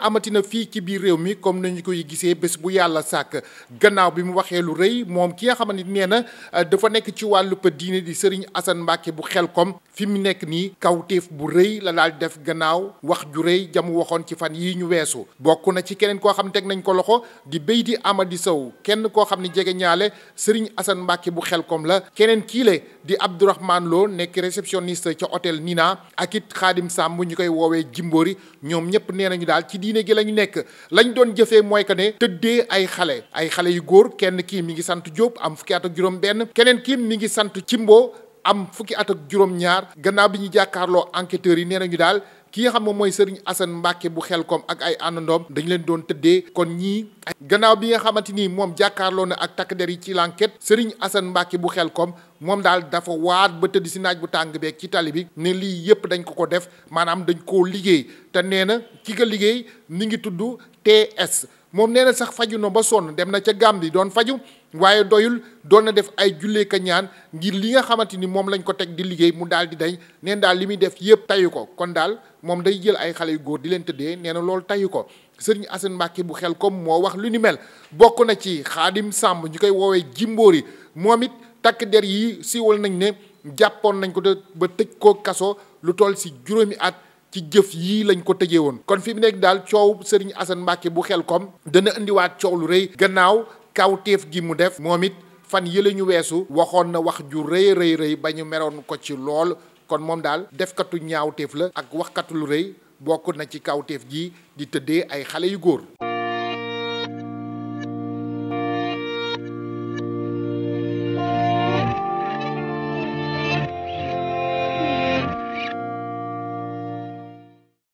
amati na fii ci biir réew mi comme nañu koy gisee bés bu yàlla sàkk gannaaw bi mu waxee lu rëy moom ki nga xamante ni nee na euh, dafa nekk ci wàllu pa diine di Serigne Assane Mbacke bu xel Xelkom fi mu nekk nii kawteef bu rëy la daal def gannaaw wax ju rëy jamu waxoon ci fan yii ñu weesu bokk na ci keneen koo xam ne teg nañ ko loxo di béy di Amady Sow kenn koo xam ne jege ñaale Serigne Assane Mbacke bu xel Xelkom la keneen kii le di Abdourahmane Lo nekk réceptionniste ca hôtel Nina ak it Xaadim Samb ñu koy woowee Jimbori ñoom ñëpp nee nañu daal ci diine gi lañu nekk lañ doon jëfe mooy que ne tëddee ay xale ay xale yu góor kenn kii mi ngi sant Diop am fukki at ak juróom-benn keneen kii mi ngi sant Cimbo am fukki at ak juróom-ñaar gannaaw bi ñu jàkkaarloo enquêteurs yi nee nañu daal ki nga xam moom mooy Serigne Assane Mbacke bu Xelkom ak ay àndandoom dañu leen doon tëddee kon ñii gannaaw bi nga xamante ni moom jàkkaarloo na ak takk der yi ci l'enquête sëriñ Assane Mbacke bu xel koom moom daal dafa waat ba tëdd si naaj bu tàng beek ci tali bi ne lii yëpp dañ ko ko def maanaam dañ koo liggéey te nee na ki ko liggéey mi ngi tudd TS moom nee na sax faju na ba sonn dem na ca Gàmbi doon faju waaye doyul doon na def ay jullee ka ñaan ngir li nga xamante ni moom lañ ko teg di liggéey mu daal di dañ neen daal li muy def yëpp tayu ko kon daal moom day jël ay xale yu góor di leen tëddee nee na loolu tayu ko sëriñ Assane Mbacke bu xel comme moo wax lu ni mel bokk na ci xaadim Samb ñu koy woowee jimboori moom it takk der yi siiwal nañ ne jàppoon nañ ko ba tëj koo kaso lu toll si juróomi at ci jëf yii lañ ko tëjee woon kon fi mu nekk daal coow sëriñ Assane Mbacke bu xel kom dana indiwaat coow lu rëy gannaaw kawteef gi mu def moom it fan yële ñu weesu waxoon na wax ju rëy rëy rëy ba ñu meloon ko ci lool kon moom daal defkatu ñaawteef la ak waxkatu lu rëy bokk na ci kawteef gi di tëddee ay xale yu góor